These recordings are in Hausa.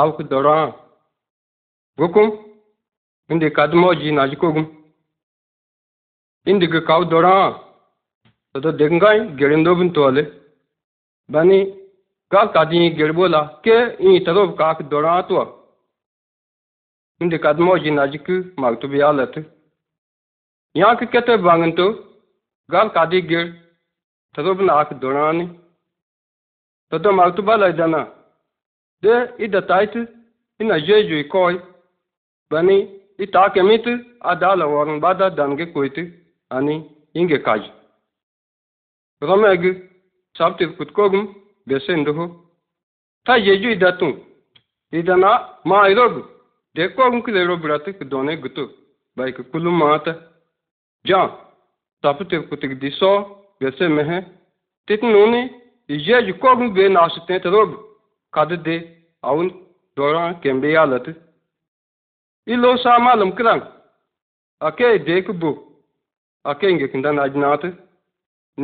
aw kə dɔrɔŋ gukum indi kadəmɔ ji naji kogəm indi gə kaw dɔrɔŋ toto deŋgaŋ gerindo bən tuwalle bani gal kadi geribola ke ii tarob kaakə dɔrɔŋ tuwa indi kadəmɔ ji na naji kə magtəbə yalatə yaŋ kə kete baŋənto gal kadi ger tarob naakə dɔrɔŋni toto magtəbala dana de i de tijd ina jeju i kooi bani i taa kemit a daa la worin bada dan ge koit ani inge kaj romeg sabtir kut kogum besen duhu ta jeju i idana ma irogu de kogum kile robrati ki done gutu bai ki kulum maata jan sabtir kutik diso besen mehe tit nuni i jeju kogum be nasu tent kadide awun doran kembe yalati ilo sa malum kran ake dek bu ake nge kinda najnati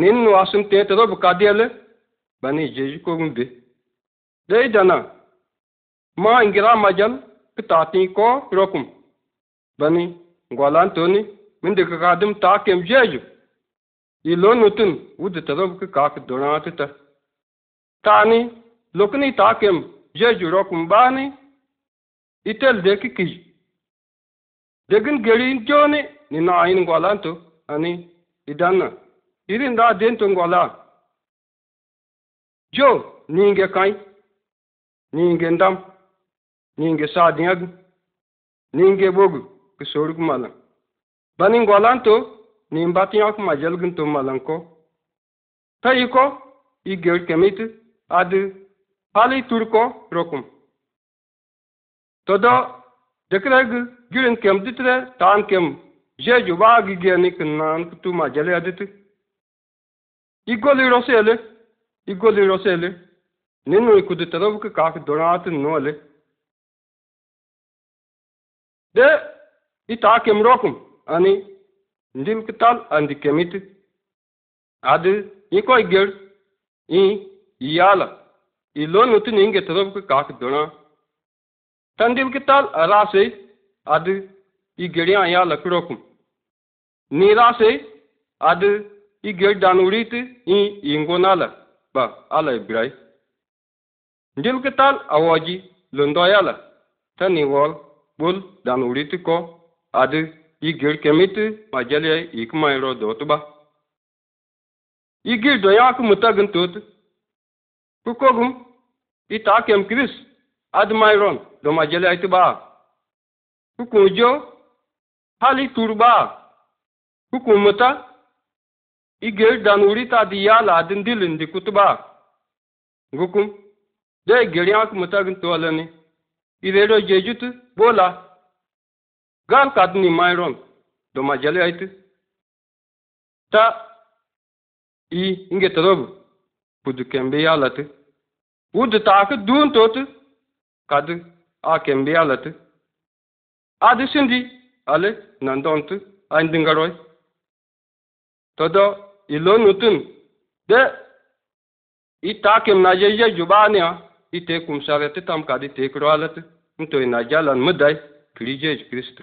nin nu asim te te rob kadiyele bani jeji kogun be dey dana ma ingira majal kitati ko rokum bani ngwalan toni min de kadim ta kem jeju ilo nutun wud te rob ka ka doran ta tani لukni takem jejurokum ɓaani itel deki kij degin gerin joni ni naayin ngolanto ani idanna irin da dento ngola jo kai ni nge ndam ni nge ninge sadiyag ninge bogu kisoruk malan bani ngolanto ni mbatiyak majelgin to malan ko tayi ko iger kemit adi Ali Turko rokum. Tada dekreg gyrin kem ditre tan kem je juba gigenik nan tu majale adit. Igoli rosele igoli rosele ninu ikudu tarabuk kak donat nole. De ita kem rokum ani ndil kital andi kemit. Adı ikoy gir i yala. ilonu tini nge torob ki kaak doona tandib ki tal arase ad a geriya ya lakrokum nirase ad i ger danurit i ingonala ba ala ibrai ndil ki tal awoji londoyala tani wol bul danurit ko ad i ger kemit majalya ikma iro dotuba i ger doya ku mutagin tot Tukogum itakem kris admairon do majele aitiba. Tukunjo hali turba. Tukumata igel danurita diyala dindilin di kutuba. Ngukum de geriak mutagin tualani. Idero jejutu bola. Gal kadni mairon do majele aitu. Ta i ingetorobu. Pudu kembe yalati. Udu taakı duun totu. Kadı a kembe yalati. Adı sindi. Ale nandontu. Ayn dingaroy. Todo ilo nutun. De ita kem na jubani ha. Ite kum sarete tam kadi tekro alati. Nto inajalan mıday. Kiri Jesu Kristu.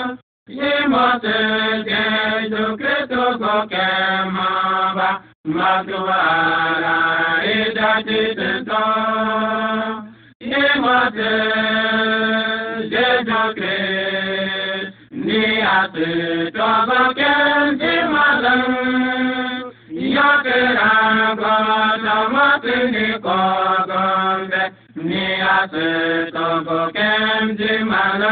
se Jésù Kristo gòkè mọ́ bá mmadụwa ara ịdajide ntọ. Ịnwate Jésù Kristo ní àtẹ̀tọ́ gòkè ndị mmadụ. Yọkere agọ tọmọtì ní kọ̀ọ̀gọ̀ ní àtẹ̀tọ́ gòkè ndị mmadụ.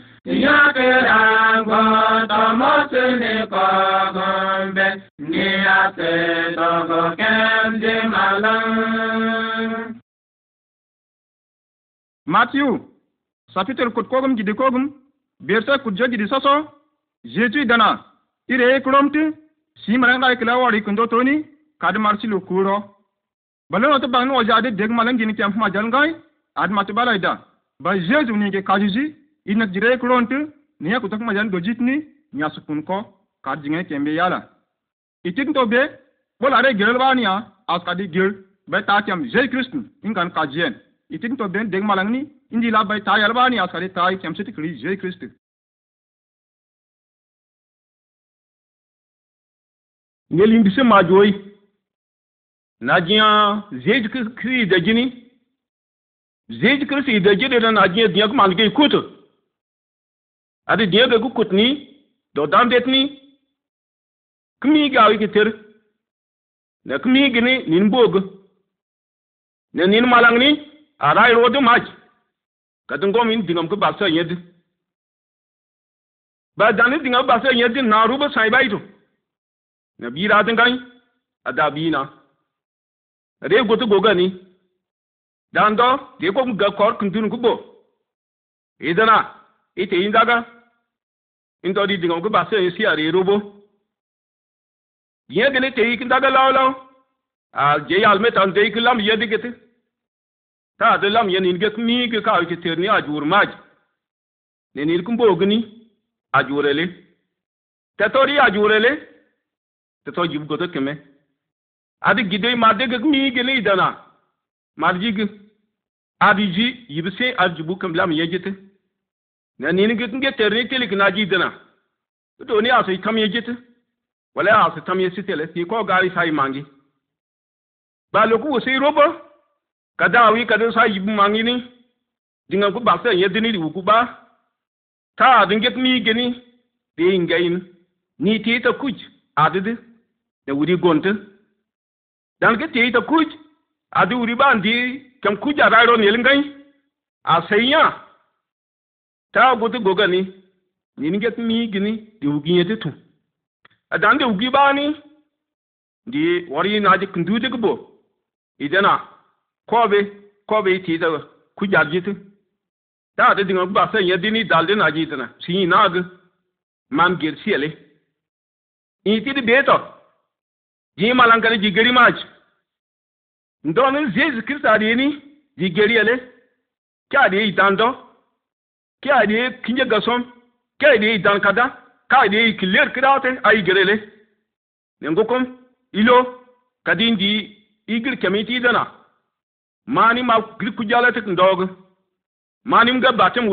agbọ́dọ̀ mọ́tòlè kọ̀ọ̀kan bẹ́ ní àtẹ̀dọ̀gọ̀ kẹ́ńdé màlán. Matthew, chapitre kut kogum jidi kogum, berse kut jo jidi soso, jetu dana, ire ekromti, simranga ikla wari kundo toni, kad marsilu kuro. Balon oto bangno ojade deg malang jini tiamfuma jalngai, ad matubala ida. Ba jesu ni ke kajiji, inak jire ekronti, niya kutok majan dojitni nya sukun ko kar jinge kembe yala itin to be bola re gerel bania as kadi gel be ta kem je krist in kan ka jien itin to ben deg malangni indi la bay ta yal bani as kadi ta kem sit kri je krist ngel indi se majoy najiya je krist kri de jini je krist de jini na najiya diak man ge kutu adi diega gu ni do ni kmi gawi kiter na kmi gini nin bog ne nin ni arai irodu maj kadin gomin dingam ku basa yed ba dani dingam basa yed na ruba sai baito na bira din bi na re goto ni dando de ko ga kor ku kubo idana ite indaga ntɔdi diŋɔ ko baso yin si are robo yẽ gene te yik ndaga lao lao a je yaal me te de yik lam ye digete ta de lam ye nin get mi ke ka ke terni a jur maj ne nin kum bogni a jurele te tori a jurele te to jib goto keme adi gide ma de ge mi ge ni dana marjig adi ji yibse a jubu kam lam ye jete na nini git nge ni telik na ji dana to ni aso kam ye jit wala aso tam ye sitele si ko gari sai mangi ku si robo wi kada sai bu mangi ni dinga ku ba sai ye dini di ku ba ta din get mi gini de ingain ni ti ta kuj adidi da wuri gonta dan ke ti ta kuj adu wuri ban di kam kuja rairo ni lingai a sayya Taa gutu gogani ni get mi gini di ugi yete tu adan de ugi bani di wari na ji kundu de gbo idana kobe kobe ti da ku jaji tu ta de dinga ba sen ya dini dal de na ji dana si na ag mam gir siele in ti de beto ji malan kan ji gari maj ndonin zezi kirta de ni ji geri ele kya de itando kiade kinje gasom kiade dan kada kaade kiler kidate ay gerele ngokom ilo kadindi igir kemiti dana mani ma gir kujalate ndog mani mga batem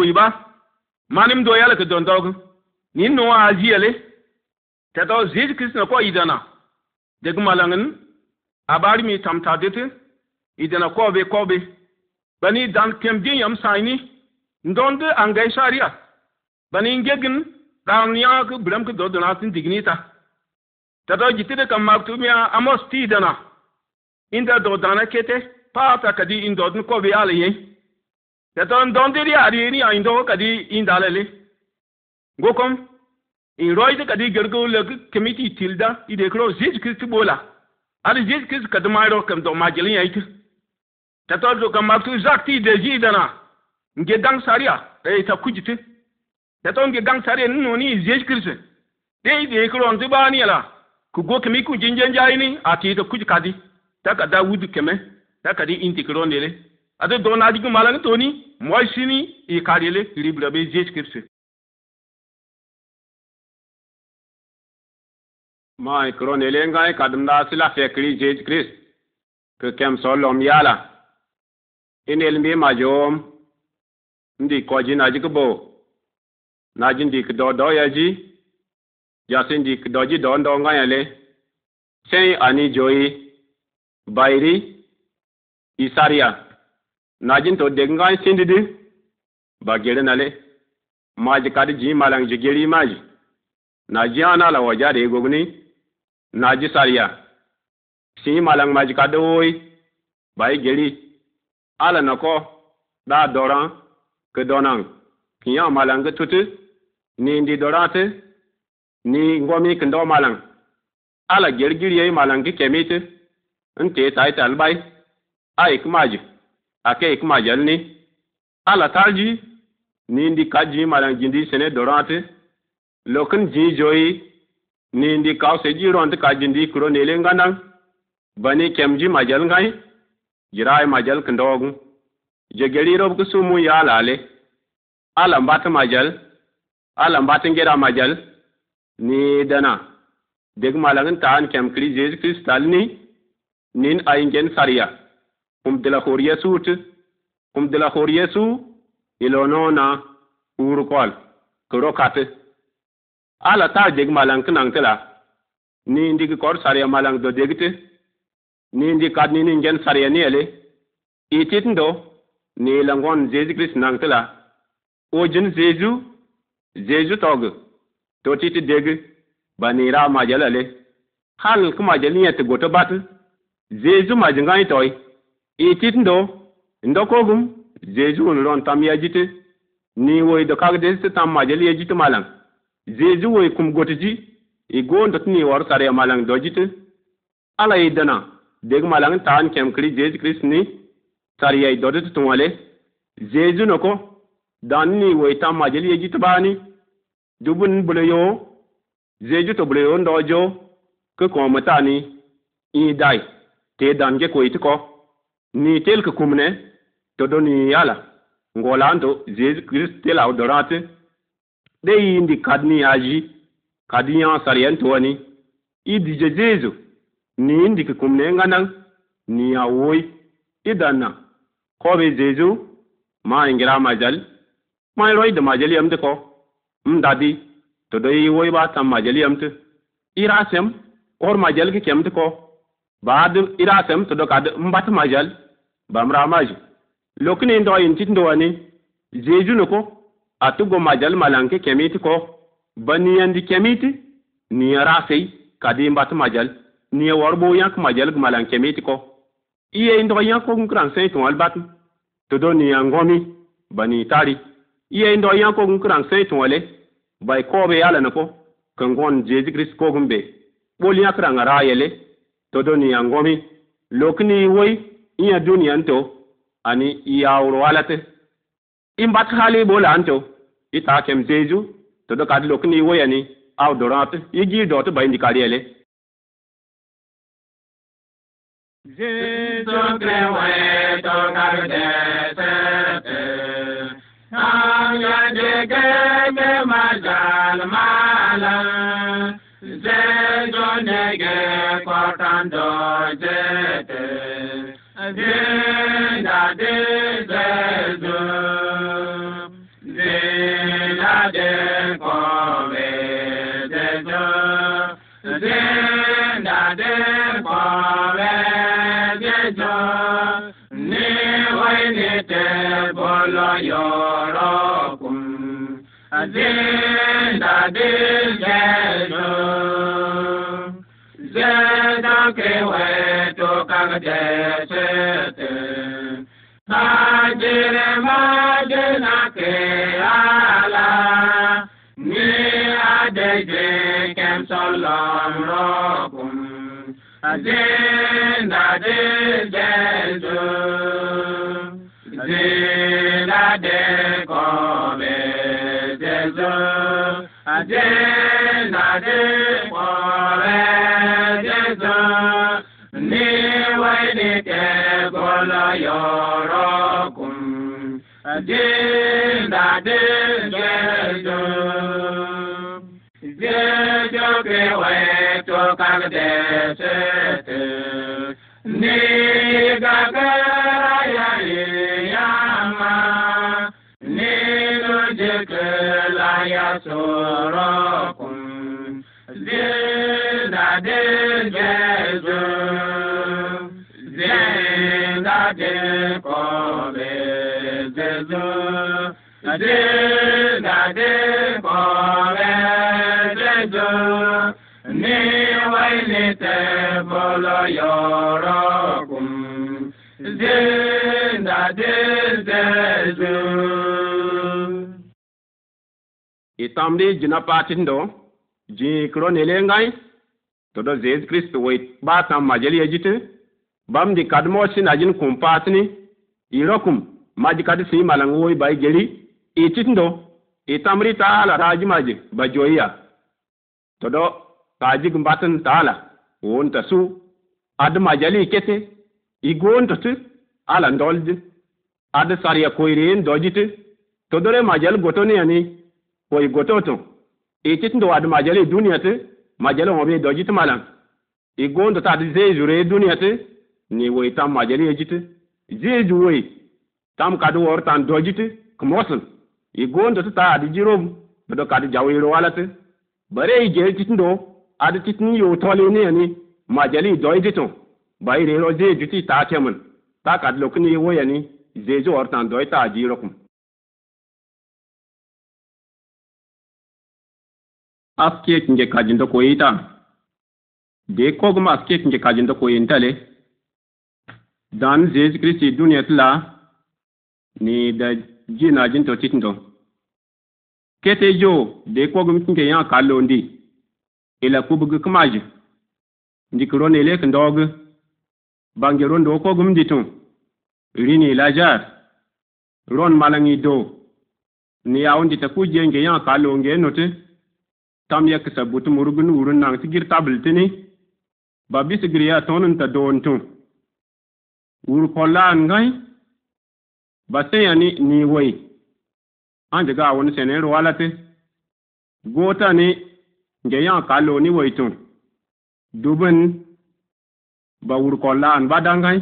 mani mdo yale ke don dog nin no ta tato zid krisna ko idana deg malangin abari mi tamta dete idana ko be ko be bani dan kem din yam saini ndonde angay sharia bani ngegin dan ya ku bram ku do na tin dignita tada jitide kam maktumia amos ti dana inda do dana kete pata kadi indo dun ko bi ale yin tada ndonde ri ari ni indo kadi indalele ngokom in roide kadi gergo le kemiti tilda ide kro zis kristi bola ali zis kristi kadma ro kam do majelin yait tada do kam maktu zakti de jidana nge gang saria e ta kujite da ton nge gang saria nno ni yesu kristo de de kro on tiba ni la ku go kemi ku jinjen jari ni ati ta kujika di. ta ka dawud keme ta ka di inti kro ndele ade do na di gumala ni toni moy sini e karele libra be yesu kristo ma kro nele ngai kadum da sila fekri yesu kristo ke kem so lom yala inel mbi majom ndiko ji na ji kbo na ji ndik do do ya ji ja sin dik do ji do ndo nga ya le sei ani joi bairi isaria na ji to de nga sin didi ba gere na le ma ji kadi ji malang ji geri ma ji na ji ana la waja de gogni na ji saria si malang ma ji kadi oi bai geri ala nako da doran ke donaŋ kin yaŋ malaŋ tutu ni ndi dorate ni ngomi kin do malaŋ ala gergiriye malaŋ ge kemite nte tai e talbai ai kumaji ake kumajal e ni ala tarji ni ndi kaji malaŋ jindi sene dorate lokin ji joyi ni ndi kawse ji ronte ka jindi kuro nele ngandang bani kemji majal ngai jirai majal kindogun rob ki sumu ya alale ala mbati majal ala mbati ngeda majal ni dana deg malagin taan kem kri jesu kristal ni nin ayngen sariya um de la khoriya sut um de la khoriya su ilonona urukol kiro kati ala ta deg malang kinang tela ni ndigi kor sariya malang do degti ni ndi kad ni ngen sariya ni ele ititin do langon jesu christ nang tila jin jesu jesu tog to ti ti deg ba ni ra ma jala le hal ku ma jali ya ti goto bat jesu ma jinga ni toy i ti ndo ndo ko gum jesu un ron tam ya jite ni i do kag de se tam ma jali ya jite malang wo i kum goto ji i go ndo ni war sare malang do jite ala i dana deg malang tan kem kri jesu christ ni sari yai dodit wale zezu noko danni waita majel yeji bani dubun buleyo zeju to buleyo ndojo ke ni i dai te dange ko itiko ni tel ke kumne to doni yala ngolando zezu krist la odorate de indi kadni aji kadiyan sariyan ani i dije zezu ni indi ke kumne nganan ni awoi idana ko be jeju ma ingira majal ma roi de majali amde ko m dadi to dai woi ba tam majali amte irasem or majal ki kemte ko baad irasem to do kad mbat majal bamra maji lokni ndo yin tit ndo ani jeju no ko atugo majal malanke kemiti ko andi kemiti ni rasei kadi mbat majal ni warbo yak majal malanke kemiti ko iye ndo yan ko nkran sen ton albatu to do ni angomi bani tari iye ndo yan ko nkran sen ton ale bai ko be ala na ko kan gon jesus christ ko gumbe boli akra ngara yele to do ni angomi lokni woi iya duniya nto ani iya wuro alate imbat hali bola anto ita kem jeju to do kad lokni woi ani aw dorate igi dot bai ndikari yele Zidokre we to karde sete. Nam yade gege majal malan. Zidonege kotando la ya zinda zinda ke wa to kag jaise te majr ni adej kem salam rakum zinda dil adẹ́kọ̀ọ́ bẹ̀ jẹ́jọ́ ajé nàdé kọ̀ọ̀rẹ́ jẹ́jọ́ níwẹ̀ ní kẹ́kọ̀ọ́ lọ́yọ̀ọ́rọ́ السماء samri jina patin do ji kro nele ngai to do zez krist we ba tam majeli ejite bam di kadmo sin ajin kum patni irokum maji kad si malang woi bai geli itin do itamri taala raji maji ba joya to do taji gumbatan ala won ta su ad majali kete igon to tu ala ndolji ad sariya koirin dojite to dore majal gotoni ani wo igototo ititindo e wadu majale duniya te majale mo be doji te malan igondo e ta dize jure duniya te ni wo itam majale ejite jeju wo tam kadu wor tan doji te kmosul igondo e ta adi jirom bedo kadu jawiro walate bare ije titindo adi titini yo tole ne ni majale doji to bayire ro jeju ti ta kemun ta kadu lokni wo yani jeju wor tan doji ta Askej nje kajen do kwe itan. Dekog m askej nje kajen do kwe entele. Dan zez kri si dunyat la. Ni da jina jen to titan ton. Kete yo dekog m tinge yan kalon di. Ele kubge kwa maj. Ndik ron elek ndog. Bangi ron do kog m diton. Rini lajar. Ron malangi do. Ni a on ditakou jenge yan kalon genote. tam yek sa butum urugin urun nang sigir tabl tini ba bisigriya tonun ta don tun polan ngai ba seya ni ni wai an jiga wani sene te gota ni nge ya kalo ni wai tun dubin ba ur polan ba dangai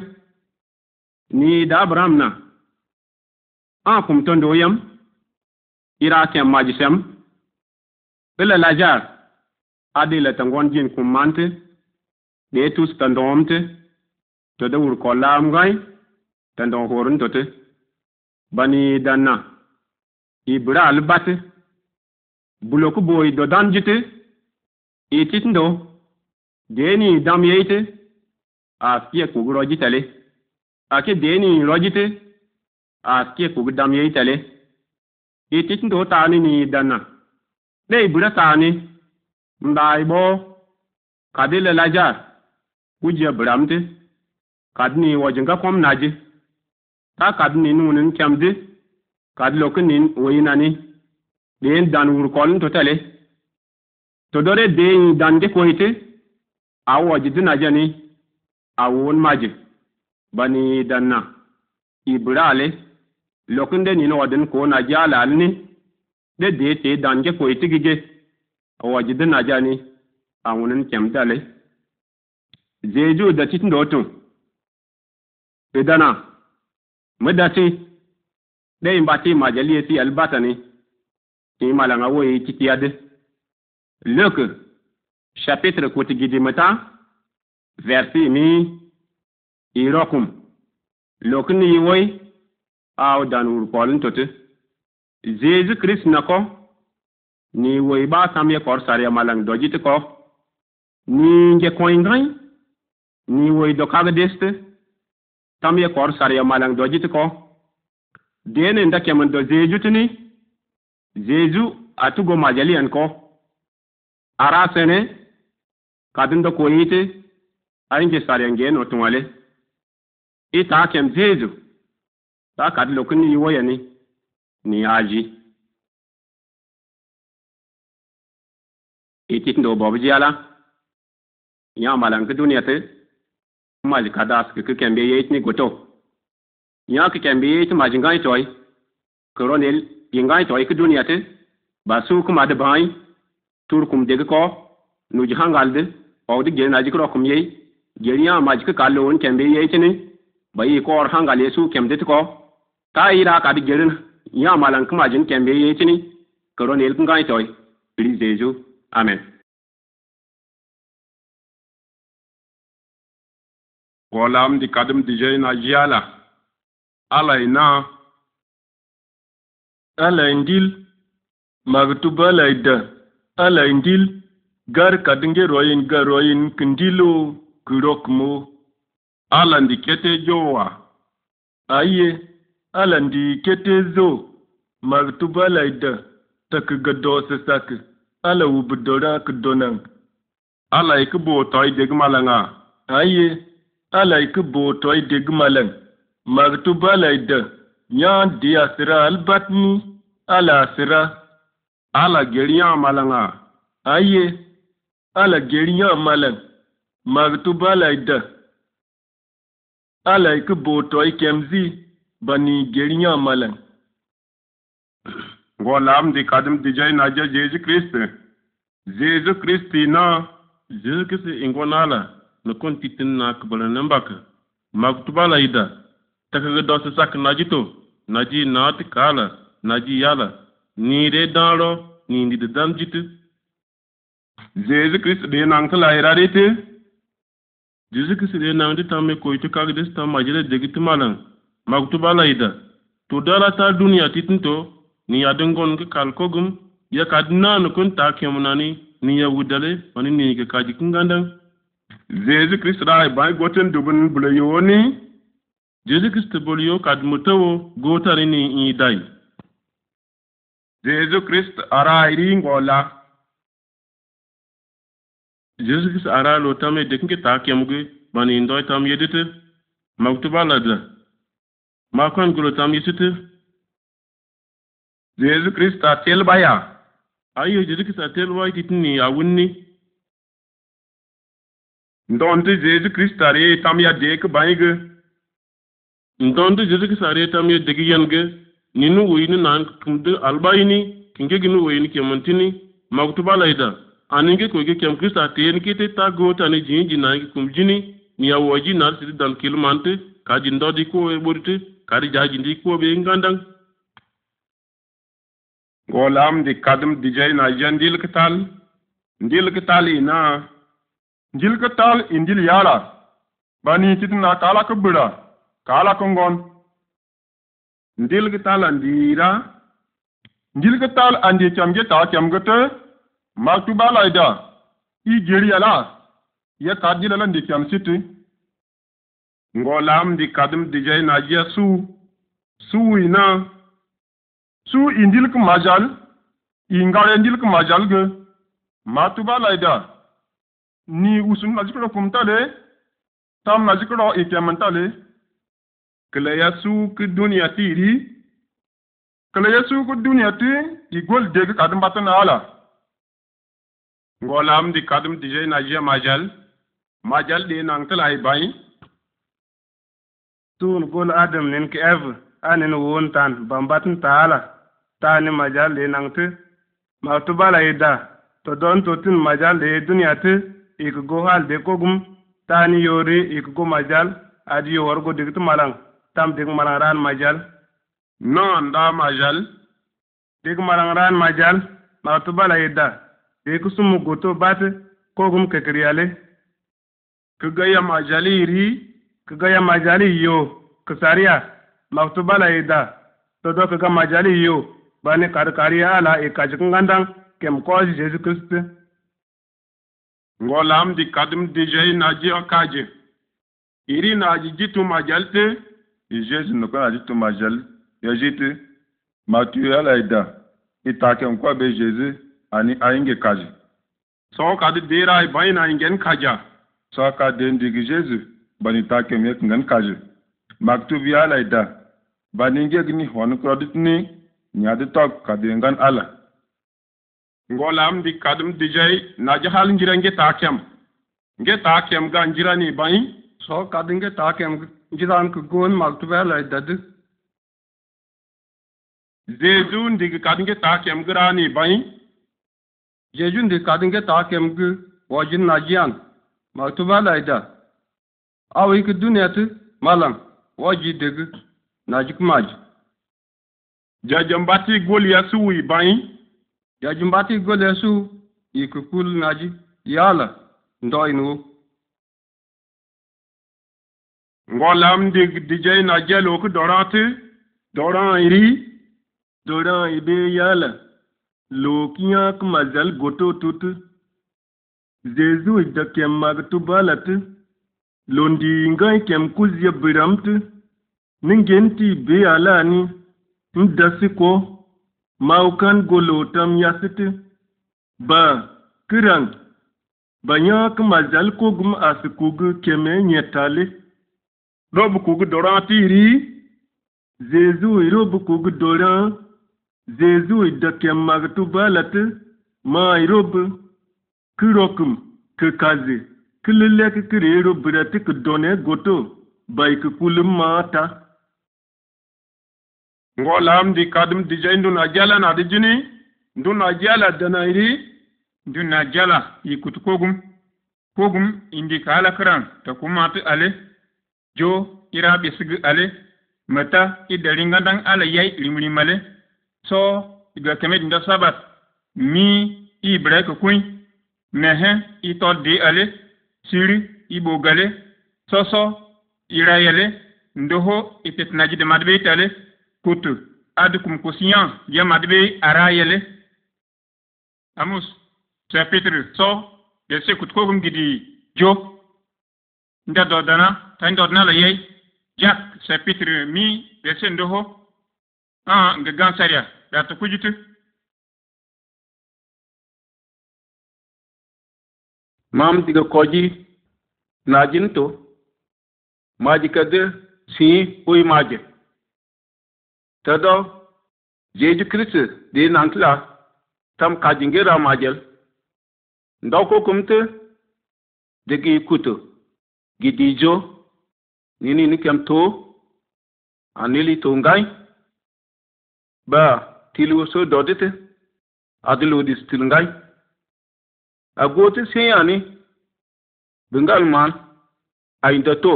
ni da bramna an yam ira iraken majisem bele lajar adi le tangon jin kumante de tus tandomte to de wur kollam tandon horun tote bani danna ibra albate buloku boy do danjite ititndo deni dam yeite a fie kugu rojitale ake deni rojite a fie kugu dam ititndo tani ni danna na mba Igbo, ndaịgbo kadilelaja wuje bramdi kadini ga kom naji ta kadini nunin kemdi kadilokinin woyinani deyin dan wurkolin totale todore deyin dandi kohite awoji dinajani awon maji bani danna ibrale lokinde nino wadin ko ala alalini de de te dan ge ko itigi ge awaji de na jani awunin kem dale zeju da titin da otun idana mudati de imbati majaliyeti albatani ti malanga wo ti ade leke chapitre kotigi mata versi mi irokum lokni yoy aw dan polin tote Jesu Krist e e ko! ni wo iba samye kor sare malang doji te ko ni nge koingay ni wo ido kagdeste tamye kor sare malang doji te ko dene nda kemen do Jesu tini Jesu go majali an ko ara sene kadin do koyite ainge sare nge no tunwale ita kem Jesu ta kadlo kuni ni! Niyaji. Itit ndo bob jiyala. Yan malan ki duniyatı. Maj kadas ki kikembe yeyit ni goto. Yan kikembe yeyit majingan toy. Koronel yingan toy ki duniyatı. Basu kum kumadı bayi. Turkum degi ko. Nujihangaldı. Oğdu gelin acık rokum yeyi. geriya majik kallo won kembe yeytini bayi ko or hangal yesu kemde ko ta ila ka gelin. gerin yã malam kẽma zĩn kẽmbe yẽ tɩni ka rõ neel kẽngã y toy ri zeezu amen golam di kadem di jey na jiala alay na alay ndil magtub alay da alay ndil gar kadinge royin ga royin kindilo kirok mo alandi kete jowa aye ala ndi kete zo martuba laida tak ga dose ala wub dora k donan ala ik bo toy deg malanga aye ala ik bo toy deg malan martuba laida nya di asira albatni ala asira ala geriya malanga aye ala geriya malan martuba laida ala ik bo toy kemzi bani geriyan malan Golam dikkadim na naja Jesu Kristi. Jesu Kristi na Jesu Kristi ingona la no kon titin na kbala nembak. Maktuba la ida. Takaga dosa sak najito. Naji naat kala. ji yala. Ni re daro. Ni ndi de dam jitu. Jesu Kristi de nang la irarite. Jesu Kristi de nang de tamme koitu kagdes tam majele degitu malang. tu tudalata duniya titinto ni yadingon ya kalkogum yakadnanu kun takiyomunani ni ya wudale wani ni ke kaji kungandan jesus Christ rai bai goten dubun bulayo ni jesu krist bulayo kadmutawo gotari ni idai jesu christ ara ringola jesu krist ara lo tame ta ki takiyomugi bani ndoy tam yedite maktubalada Makon gulotam yisiti. Jesu Krista telbaya. Ayo Jesu Krista telbaya kitini ya wunni. Ndonti Jesu Krista re tam ya dek bayge. Ndonti Jesu Krista re tam ya dek yenge. Ninu uyini nan kumde albayini. Kinge ginu uyini kemantini. Maktuba laida. Aninge koge kem Krista ten kete ta gota ni jinji nangi kumjini. Ni ya waji narsi dan kilmante. Kajindodi ko eborite. kadi jaaji ndi kuwoɓe en gandan ngol amdi kadum dijeyna ja ndilkital ndilkital ina ndilkital e ndil yaala bani titna kala ko bira kala ko ngon ndilkital a ndiira ndilkital a ndi camge ta camge te maktubalayda i jeriyala ye kadjilala ndi cam siti ngo ngolam di kadim di jay na ya su su ina su indil ku majal ingare indil ku majal ge matuba laida ni usun na jikro kumtale tam na jikro ikemantale kle ya su ku duniya tiri kle ya su ku duniya ti igol de kadim batana ala ngolam di kadim di jay na ya majal majal de nang tlai bai Tun gol adam nin ki ev anin wun tan bambatin taala ni majal le nang ti ma tu bala ida to don to tin majal le dunya ti ik go hal de kogum tani yori ik go majal adi yor go digit malang tam dig malang ran majal non da majal dig malang ran majal ma tu bala ida ik sumu goto bat kogum kekriyale kigaya majaliri kaga ya majali yo kasaria maktubala ida todo kaga majali yo bani karkari ala e kajikin gandan kem koji jesu kristi ngolam di kadum di jey na ji okaje iri na ji jitu majalte jesu no kana jitu majal ya jitu matu ala ida itakem kwa be jesu ani ainge kaji so kadi dira ibaina ingen kaja so ka den di jesu bani takem yek ngan kaje maktub ya laida bani ngeg ni hon krodit ni nyadi tok kadi ngan ala ngolam di kadum dijay na jahal ngira nge takem nge takem ga ngira ni bani so kadi nge takem ngiran ku gon maktub ya laida du zezu ndig kadi nge takem gira ni bani jeju ndig kadi nge takem gu wajin najian maktuba laida Awiki duniyati malam waji degi najik maj. Jajambati gol yasu wi bayi. Jajambati gol yasu ikukul naji yala ndoinu. Ngolam dig dijay na jelo ku dorati doran iri doran ibe yala. Lokiyan kumazal goto tutu. Zezu idakemag tubalati. londi nga kem kuzie biramti ningenti be alani ndasi ko maukan golo tam yasiti ba kiran banya kuma jal kogum asikug keme nyetale rob kug doran tiri zezu rob kug doran zezu da kem magtu balat ma rob kirokum kekaze kililek ti reero bira ti ki done goto bai ki kulim maata ngo di kadim dijay nduna jala na di jini ajala jala iri nduna jala ikut kogum kogum indi kala kran ta kumati ale jo ira sigi ale mata idari ngadan ala yai limlimale so iga kemet dinda sabat mi ibre ki kuy i ito di ale siri igbogale gale soso irayele ndoho itetnaji de madbe tale kutu adukum kusiyan ya madbe arayele amus chapitre so de se kutko gum gidi jo nda dodana tan dodana la yey jak chapitre mi de se ndoho an ah, ga gansaria da to kujitu mam diga koji najin to maji kade si uy maje tado jeju kristi de nantla tam kajingira majel ndoko kumte digi kuto gidijo nini nikem to anili to ngai ba tilu so dodite adilu distil ngai agoti sẽn yaa ni bɩ n a yĩnda to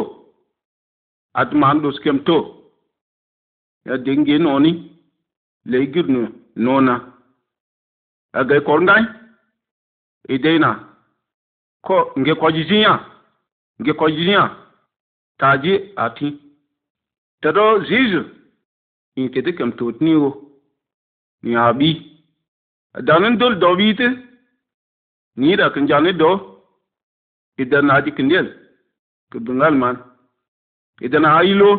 a tɩ dos kem to ya denge noni la y nu noona a gay ngai y deyna ko nge koji jinya nge koji zĩyã taaji a tĩ tɩ do zĩizu yĩ tɩ tɩ kem toot nii wo yãa bɩ dan n dol dao nida kin jani do idan na ji kindel kudun alman idan ayilo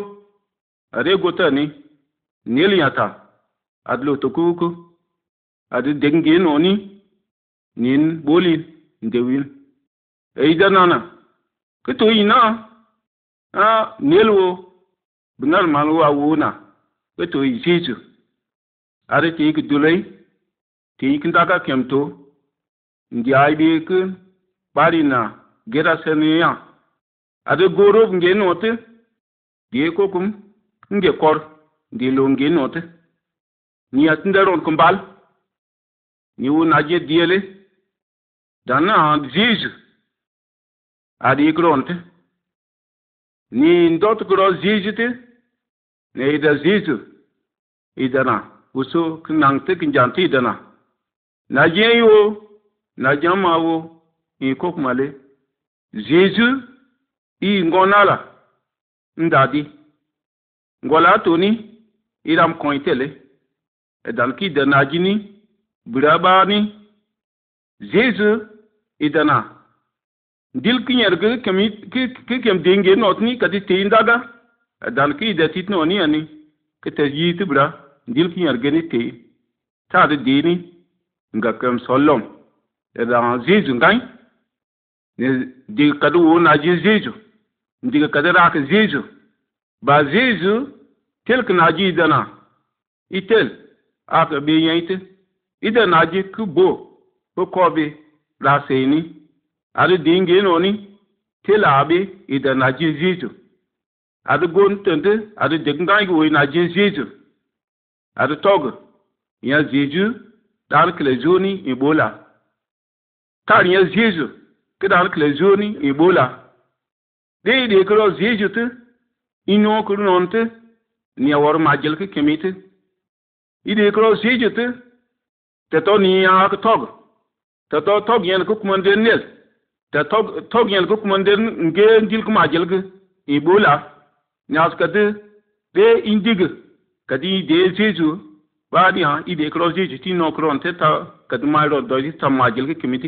are gota ni nil yata adlo to kuku adi dengi no ni nin boli ndewil e eh, idan nana kito ina a nilwo bunal malwa wona kito yi jisu are ti ikdulai ti ikindaka kemto nge aibeke bari na gera seniya ade gorob nge note ge kokum nge kor nge lo nge note ni atinderon kumbal ni wona je diele dana zige adi kronte ni ndot gro zige te ne ida zizi! idana uso knangte kinjanti idana na je na jama wo in male jesu i ngonala ndadi ngola toni iram koitele edalki danajini birabani jesu dana dil ki ge kemi ki kem denge notni kadi ki de idetit noni ani te yitu bra dil ge ni te ta de dini nga kem solom ran zizu ngai ne diga kadu wo na ji zizu diga kadu rak zizu ba zizu tel na ji dana itel aka be yaite ida na ji ku bo ko kobe la seini adu dinge no ni tel abi ida na ji zizu adu gon adi adu degngai wo na ji zizu adu tog ya zizu dar kle joni ibola tarịa ziezu keda kele zoni ebola de de kro ziezu te ino kru non te ni awor majel ke kemite ide kro ziezu te te to ni ya ke tog te to tog yen kuma kumande nel te tog tog yen ku nge ndil ku majel ke ebola nyas kade de indig kadi de ziezu baadi ha ide kro jeju ti no kro nte ta kadma ro do ta majil ke kimiti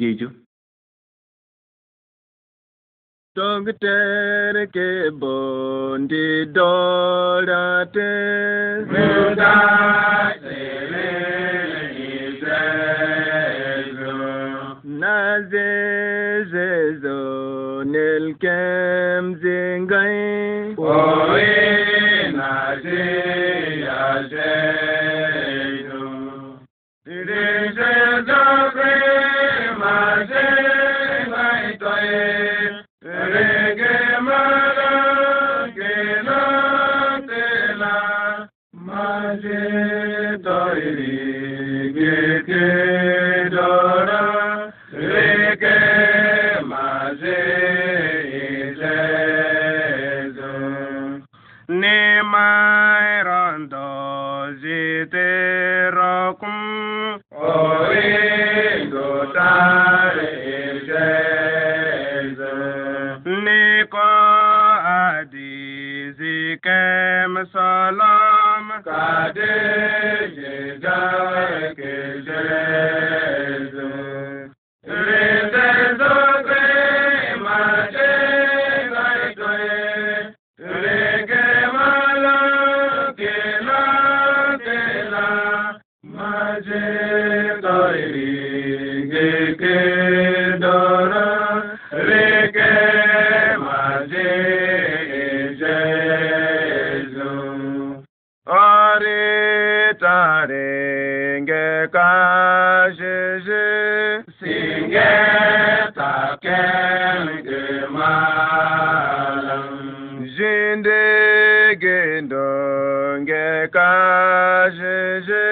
jeju dog bondi dorate zingai مثالا Ari tarenge kajiji singe takelge malam jinde gendonge kajiji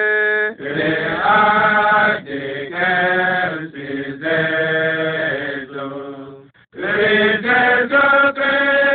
le adikel sizeto le zeto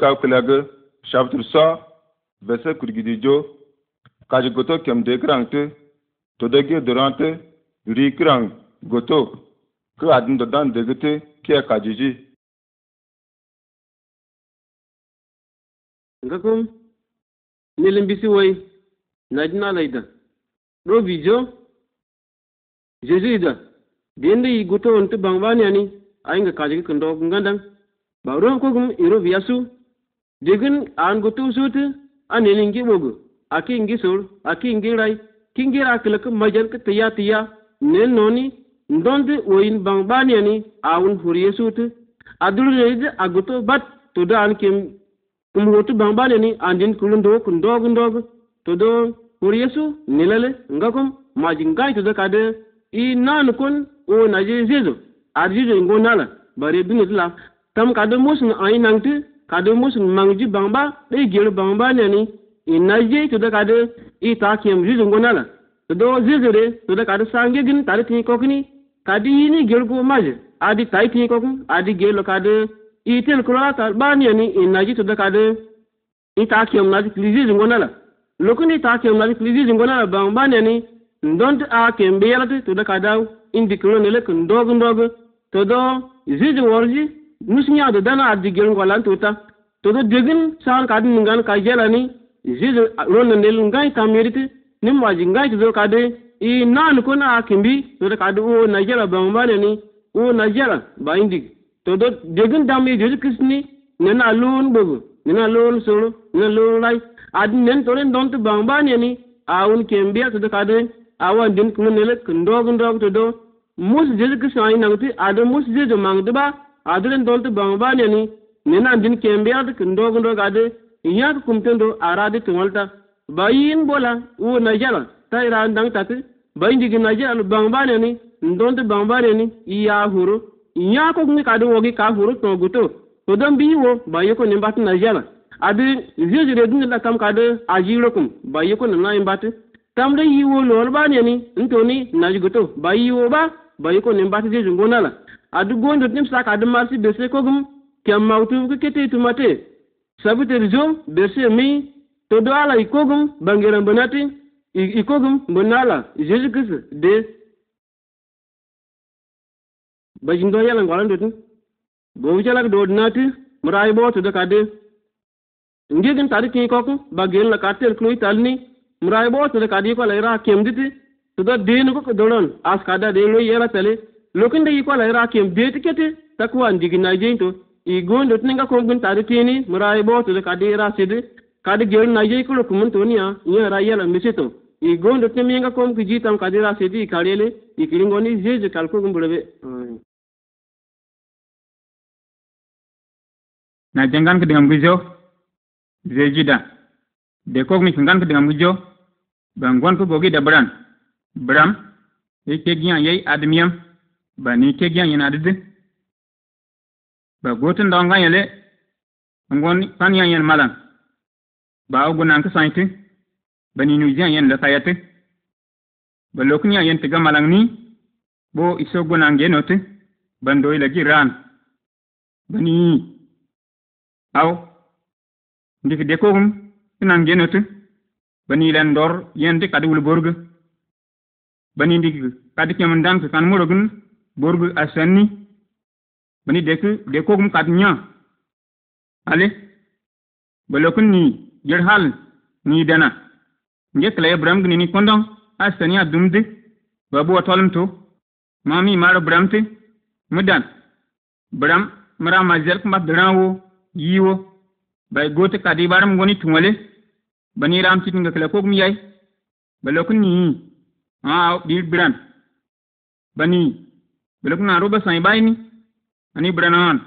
ka kulage chapitre so verset kurgidi jo kaji goto kemde krang te todege dorante ri krang goto ku adin dodan degete kia kajiji ngakum nilim bisi woy najna layda jo vijo jesuida biyende yi goto on tu bangwani ani ga kajigi kendo ngandan ba ro kogum iro viyasu Degin an gutu sutu an ilingi mugu. Aki ingi sur, aki ingi rai. Kingi rakilak majan ke tiya tiya. Nel noni. Ndondi woyin bang banyani awun huriye sutu. Adul neide agutu bat. Tuda an kim. Kumhutu bang banyani andin kulundok ndog ndog. Tudo huriye su nilale ngakum. Majingai tuda kade. I nan kun o naje zizu. Arjizu ingo nala. Bare dunitla. Tam kade musun ayin nangti. kadu musulum maŋ ju baŋba ɗi jir baŋba neni ina je tuda kadu ita kiyam ju zungona la tudo zizire tuda kadu sange gin tadi tin kokini kadi yini gir ko maje adi tai tin kokun adi gir lo kadu itel kula ta ba neni ina je tuda kadu ita kem na di klizi zungona la lokuni ita kiyam na di klizi zungona la baŋba neni ndont a kiyam biyalati tuda kadaw indi kulo nele kun dogu dogu tudo zizi worji musnya do dana adigel ngolan tuta to do degin san kadin ngan ka ni jiz ron nel ngai ka merite nim waji ngai do kade i nan ko na kimbi to do kade o oh, na jela ban bane ni o oh, na jela ba indi to do degin dam e jesu kristni nena lon bogo nena lon soro nena lon rai adin nen to ren don ba ban bane ni a awun kembiya to do kade awan din kun nele ndog ndog to do mus jesu kristni nang ti ado mus jesu mang de ba adren dolte bangba nenu nena din kembiyat ndog ndog ade yat kumtendo arade tungolta bayin bola u najala tayra ndang tak bayindigi najala bangba neni ndonte bangba neni iya huru nya ko ngi kadu wogi ka huru to guto to dan bi wo bayiko ne bat najala ade jeje de dun la kam kadu ajirokum bayiko ne na imbat tam da yiwo lolba neni ntoni najguto bayiwo ba bayiko ne bat jeje ngonala adu gondo tim sak adu marsi bese kogum kem mautu ke kete tumate sabuter rizo bese mi to do ala ikogum bangeran bonati ikogum bonala jesus christ de bajindo yalan gwalan dotin bo wicalak do nati murai bo to kade ngegin tari ki koku bagel la katel klui talni murai bo to kadi ko la ira kemditi to da din ko donon as da de lo yela tale lokin yi kwala ira kem beti kete takwa ndigina na jento i gondo tinga ko gun tare tini murai bo to kadi ira sidi kadi gel na jey ko kumun tonia nya ra la misito i gondo tinga ko ko jitam kadi ira sidi kalele i kilingoni jeje kalko gumbulebe mm. na jangan ke dengan gujo zejida de ko mi jangan ke dengan gujo bangwan ko bogi da bram bram ike yai admiam ba ni ke gyan yana didin ba gotin da ngan yele ngon pan yan yan malan ba ugu nan ka santi ba ni nu gyan yan da kayati ba lokun yan yan tiga malan ni bo iso gu nan genoti ban do la giran ba ni aw ndik de ko hum nan genoti ba ni len dor yen di kadi wul borga ba ni ndik kadi kemun dan kan murogun Borg asen ni. Bani dekouk mkaden ya. Ale. Bolo kun ni. Yer hal ni dena. Nje kleye bram gneni kondan. Asen ya dumde. Babu atol mto. Mami maro bram te. Midan. Bram mra mazel koum ba dhran wou. Yi wou. Bay gote kade barm gweni toun ale. Bani ram chit nge kle kouk mi ya. Bolo kun ni. A ou dir bram. Bani. belekuna aroba sãn bayni ani nah brenaan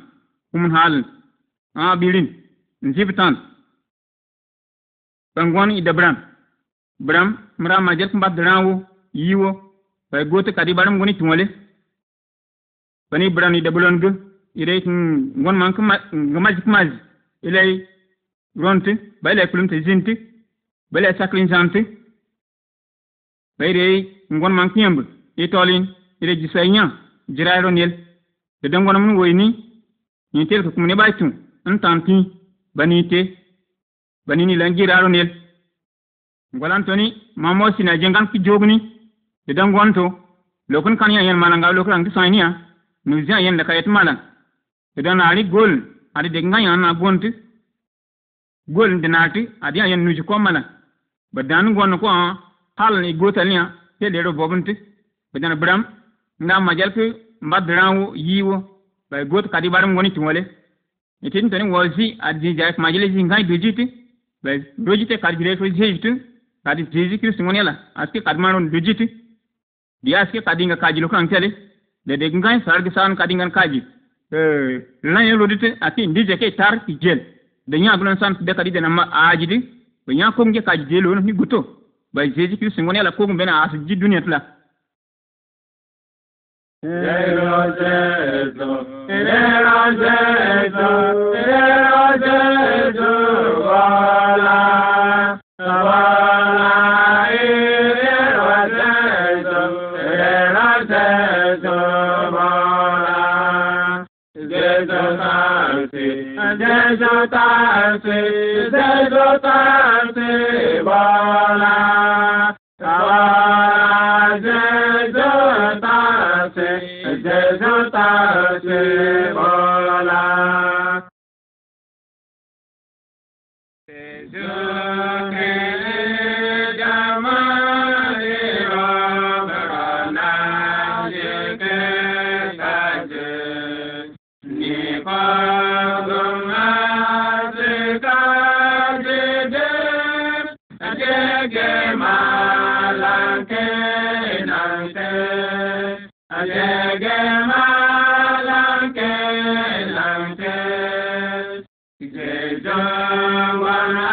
kũmd hal, a ah, birin n zib tãn bãngõn ida bram bram m ra ma jet n kadi rã wo yɩ wo pa got ka dɩ barem gõn y tũa bran ida bulonge ge n gõn man n mazk maz ila rõnt ba ila kulum tɩ zĩnt ba ila sakl n zãnt pa man jirairo yel de dengono mun woyni ni tel ko mun baytu en tanti banite banini lan jirairo yel ngolantoni mamo sina jengan ki jogni de dengonto lokun kan yan malanga lokun an kisaniya nu zia yan da kayet malan de dan ali gol ali de ngan yan na gonti gol de nati adi yan nu ko malan badan gon ko hal ni gotaliya te de ro bobunti badan bram Nda majelke mba dran wou, yi wou, ba e gout kadi barm gweni toun wale. E ten tonen wou zi e ad zi zayek majel, zi nganj dojit, ba dojit e kadi rey kou zi zi zi, kadi zi zi kri sngon yala, aske kadi manon dojit, di aske kadi nganj kaji lokan kade, de dek nganj sarge san kadi nganj kaji, e, lan yon lodi te ati njizeke tar jel, de yon glon san pide kadi de nama aji de, be yon koum ge kaji jel wou yon ni guto, ba zi zi kri sngon yala kou Jai Jai Jai Jai जता से बोला Shambhala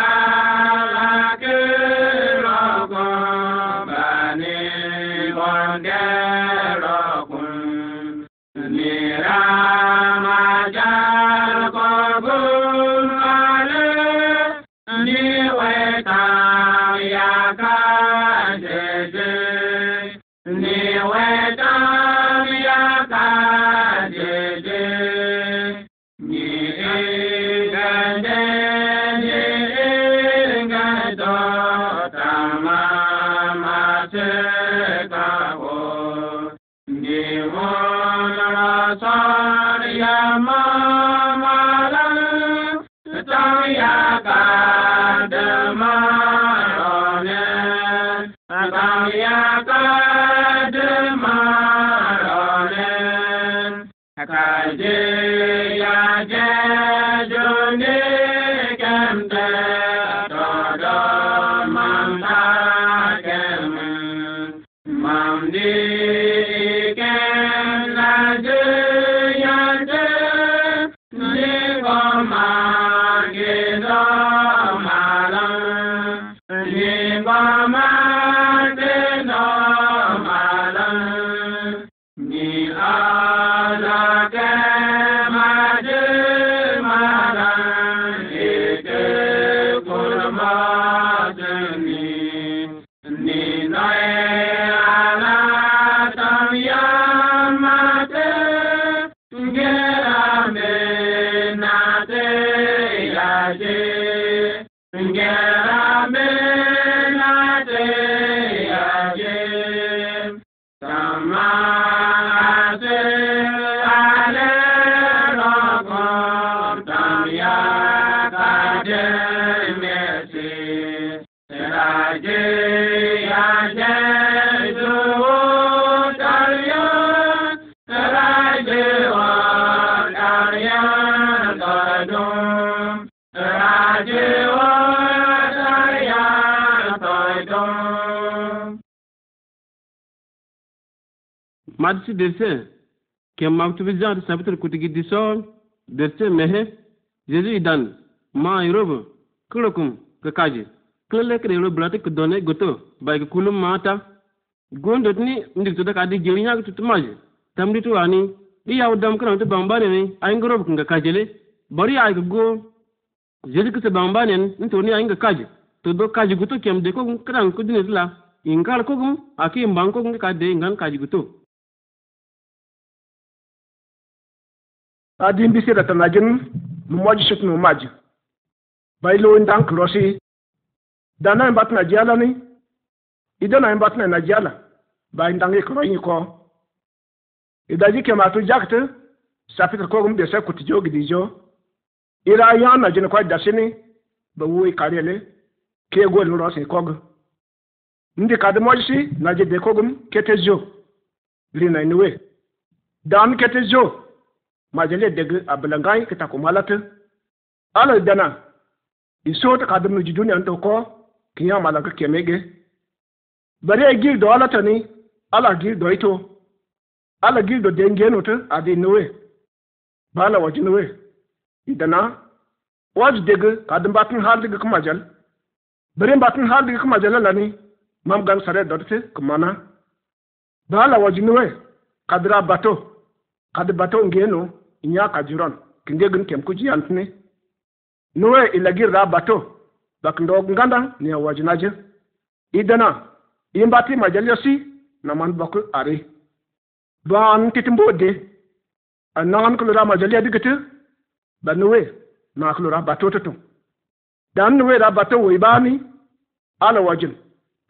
Yahweh, Yahweh, Yahweh, maadisi derse ken maktubizar sabitir kutigi disol derse mehe jesu idan ma irobo kulokum kakaji klele krelo blati kdone goto bay kulum mata gondotni ndik to dakadi jerinya ko tutmaje tamdi to ani di yaw dam kran to bambane ni ay ngorob kinga kajele bari ay go jeli kse bambane ni to ni ay nga kaje to do kaje goto kem de ko kran ko dinetla ingal ko gum aki mbanko kinga kade ngan kaje goto adin bisi da tanajin mumoji shit no maji bailo indan krosi dana imbat na jiala ni idana imbat na na jiala ba indan ge kroyi ko idaji e ke matu jakte safita ko gum de se kuti jogi dijo ira yana jin ko dasini ba wui karele ke gol no rosi kog ndi kadmoji na je de kogum ketejo rina inwe dan ketejo majele dege abelangai kita kumalate ala dana iso ta kadum nu jiduni anto ko kinya malaka kemege bare gil do ala tani ala gil do ito ala gil do dengeno to ade nowe bala wajinowe idana waj dege kadum batun har dege kumajal bare batun har dege kumajal lani mam gan sare dotte kumana bala wajinowe kadra bato kad bato ngeno inya kajuran kinde gun kem jiyan tne nuwe ilagir da bato bak ndog nganda ni wajinaje idana imbati majalisi na man bakul are ban titimbo de anan kulura majalia ba banuwe na kulura bato tutum dan nuwe da bato we bani ala wajin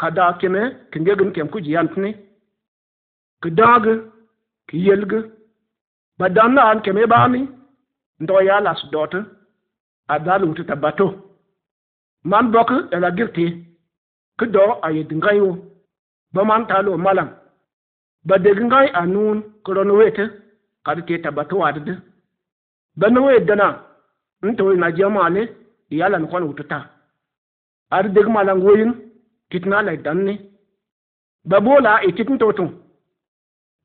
kada kime kinge gun kem jiyan tne kidag kiyelge ba danna an keme mi? ndo ya las dota adalu ta bato man bok ela girti kudo ayi dingayo ba man talo malam ba de ngai anun koron wete kad ke tabato wadde ba no wedana nto na jamale yalan kon ta. ar de malang woyin kitna dan ne. ba bola e kitin totum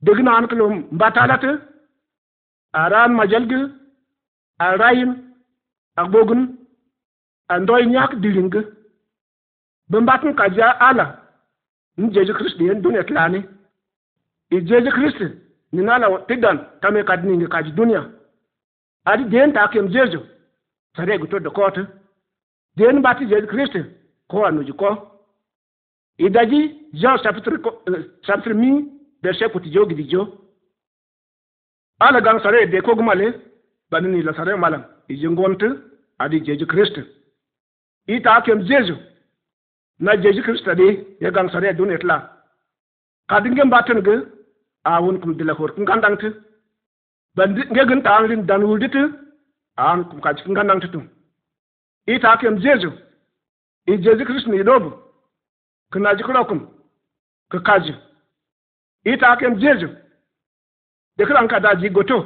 degna an kilo mbatalata aran majalgil arayin agbogun andoy nyak diling bambatun kaja ala ni njeje kristi en dunya tlani ijeje kristi ninala tidan tame kadningi kaji dunya adi den ta kem jejo sare guto da kota den bati jeje kristi ko anuji ko idaji jean chapitre eh, chapitre mi verset kuti jogi dijo ala gan sare de ko gumale banini la sare malam i jengonte adi jeju i ta kem jeju na jeju krist de ye gan sare dunet la kadingem batun ge a won kum dila hor kum gandang tu bandi gen ta ngin dan wul ditu an kum ka kum gandang tu i ta kem jeju i jeju krist ni dobu kuna jikura kum ka kaji i ta kem jeju dekra anka da ji goto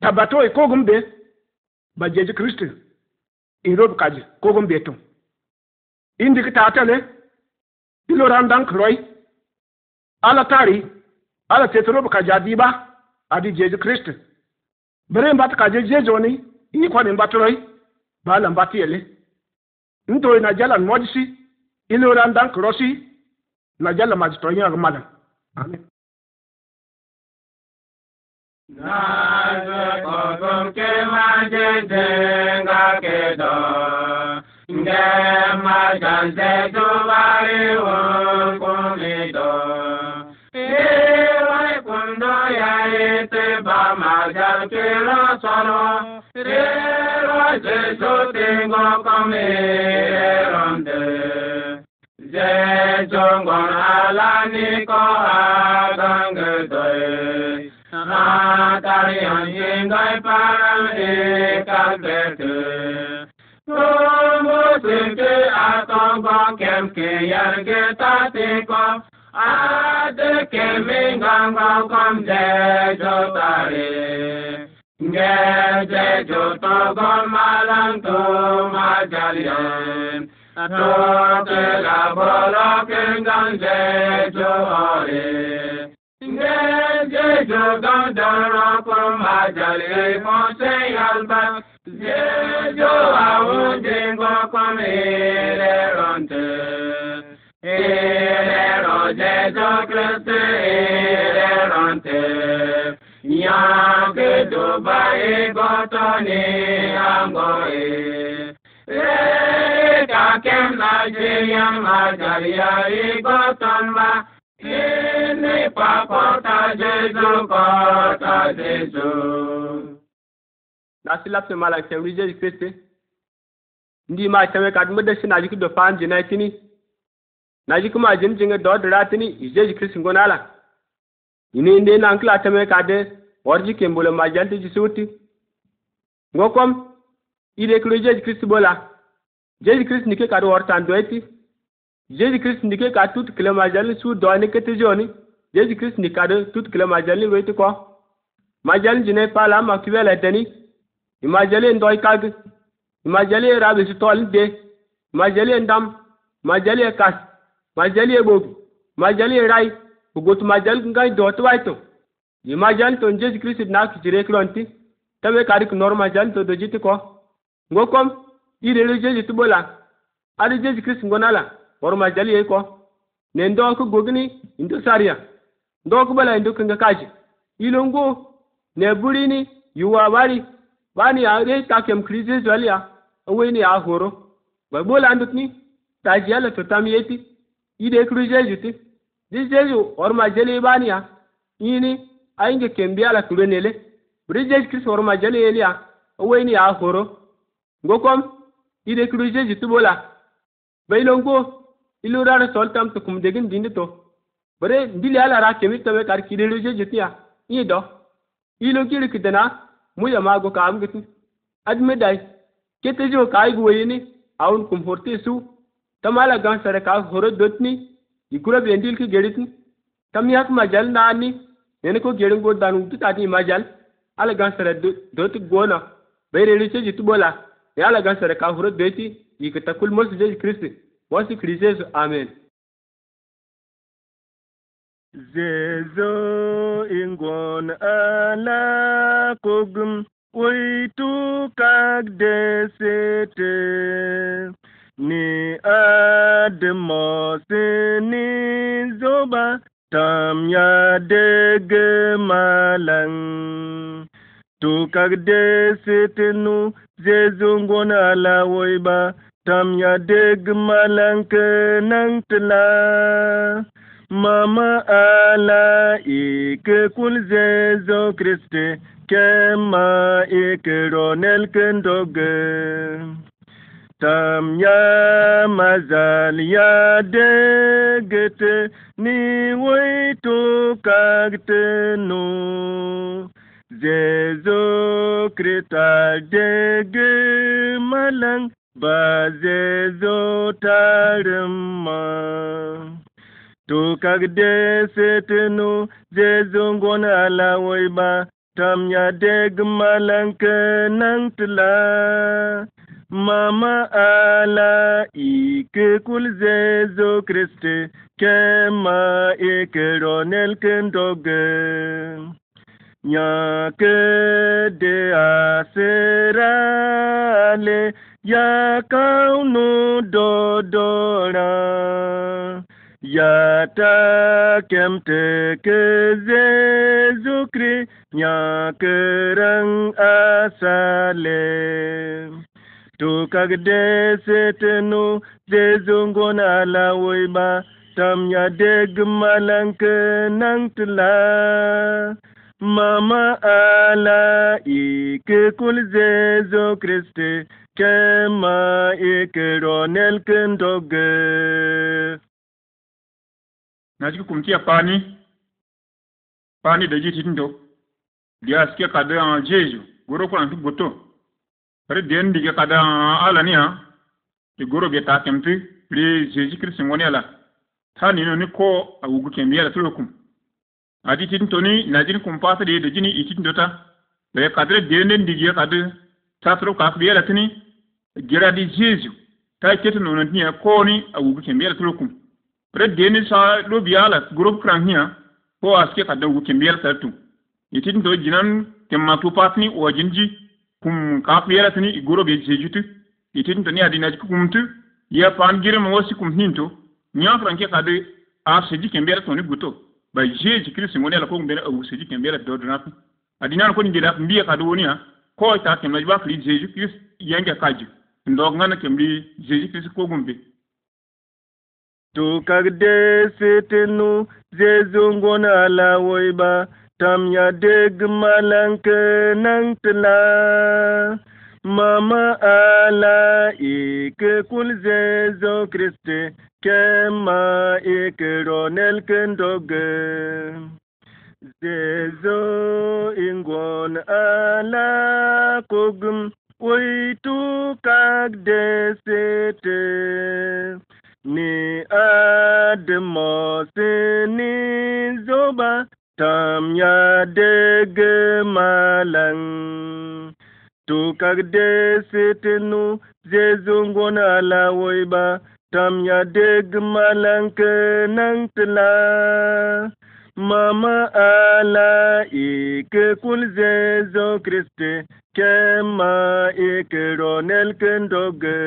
tabato e kogum be ba jeji kristi in e rob kaji kogum be to indi ki tatale ilo randan kroy ala tari ala tetro ka jadi ba adi jeji kristi bere mbat ka je jejo ni ni kwa ni mbatroy ba la mbatiele nto e na jala modisi ilo randan krosi na jala majitonya gmalan amen Naze kɔsɔn ke ma je den ka ke dɔn. Nge ma ganze tubari wo kun mi dɔn. Iwai kun ya ye te ba ma jal kilo sɔrɔ. Iwai jesu te ngɔ jẹ́ jọ̀ngbọ̀n aláníkọ́ àgàngẹ̀dẹ̀. Àtàrí àyíngá ìbára ẹ̀ka bẹ̀tẹ̀. Tómo sì ké àtọ̀gbọ́ kẹ̀kẹ́ yẹ̀rẹ̀kẹ́ tàbí kọ́. Tote la bolo kengan de jore. Ngeje jogan dara kuma jale fonse yalba. Jejo awu jengo kumile ronte. Ile roje jo kriste ile ronte. Nyanke dubai goto ni angoe. ee kakem Nigerian Nigeria ịgbọtọn mma ịnị kpakọta Jesu kọta Jesu. Nasi lapsi mala kemri Jesu Kristi. Ndị ma kemri ka dmede si na jiki do fan jina kini. Na jiki ma jin jinga do dira tini Jesu Kristi ngonala. Ini ndi na nkla kemri ka de warji kembolo ma jalti jisuti. kom. irekiro jesu kristi bola jesu kristi nike kadu hortan doeti jesu kristi nike ka tut kilema jalni su doani kete joni jesu kristi nikadu tut kilema jalni weti ko majalni jine pala ma kibele teni imajali ndoi kag imajali e rabi su tolni de imajali e ndam imajali e kas imajali ebogi imajali rai bugut majal ngai dot waito imajali ton jesu kristi na kijire kronti tabe karik norma jan to dojiti ko ngo kom ngokom irere jeji tubola adi jeji kristi ngonala boroma jali yeko ne ndo ko gogni indo saria ndo ko bala indo kanga kaji ilongo ne burini yuwa bari bani a re takem kristi jalia awe ni ahoro babola ndutni tajiyala to tamiyeti ide kru jeji ti di jeji orma jali baniya ini ainge kembiala kulonele bri jeji kristi orma jali elia awe ni horo. Ngokom, idekruize jitubola. Bailongo, ilurare soltam to kumdegin to Bare ndili ala ra kemi to be kar kideluze jitia. Ido. Ilo kiri kitana, muya mago ka kaam gitu. dai Kete jo kai go guwayini, aun kumforte su. Tamala gan ka horo dotni. Ikura bendil ki gedit Tam yak majal naani. ko gedin go danungti tati majal. Ala gan saraka dotik gona. Bayre luce jitu bola. yala gansere kafuro beti yikita kul su jesu kristi wasu krisesu amen zezo ingon ala kogum Uitu kak desete ni admose ni zoba tam ya dege malang Tukakde sitinu zezungona lawoi ba, tam ya deg malanke nang tla. Mama ala ike kul zezo kriste, kema ike ronel kendoge. Tam ya mazal ya degete, ni woi tukakte no. Zezo kreta dege malang ba zezo tarima. To kagde setenu zezo ngona alawai ba tamya ya deg malang kenang tla. Mama ala ike kul zezo kriste kema ike ronel kendoge. nyakede aserale yakaunu dodora yatakemtekezezukri nyakerang asale tukagdesetenu zezungona lawoiba tam ya deg malanke nang Mama ala ike kul Jesu Kristi kema ike e ronel kendoge. Na jiku kumtia pani, pani da jiti tindo, dia sike kada an Jesu, goro kula ntu boto. Pare dien diga kada an ala ni ha, di goro ge ta kemti, li Jesu Kristi ngoni ala. Ta nino ni ko agugu kembi ala tulukum. adi tin toni najin kum pasa de de jini itin dota be kadre de nen digi kadu tasro ka biya tini gira di jesu ta ketu nono tiya koni awu ke biya tulukum pre de sa lo biya la group kran hiya ko aske kadu ke biya tatu itin do jinan temma tu pasni o jinji kum ka biya tini goro be jejutu itin toni adi najku kumtu ya pan girma mawasi kum hinto nya kran ke kadu a sejike biya ni buto. ba jesu kirist ngoni ala ko na awu sedi kembe ala dodo napi adina ko ndi napi mbiya kadu woni ha ko ta kembe ba kri jesu kirist yenge ji ndo ngana je ji kirist ko to Tukar de sitinu na la ba, tam ya deg malanke nan tila. Mama ala ike kulzezo Kristi, kema ike ronel kendoge. Zezo ingon ala kogum uitu kak Ni admose ni zoba tam ya dege malang. Tukagde sitinu zezungona lawoi ba tam ya deg malanke nang mama ala ike kul zezo kriste kema ike ronel kendoge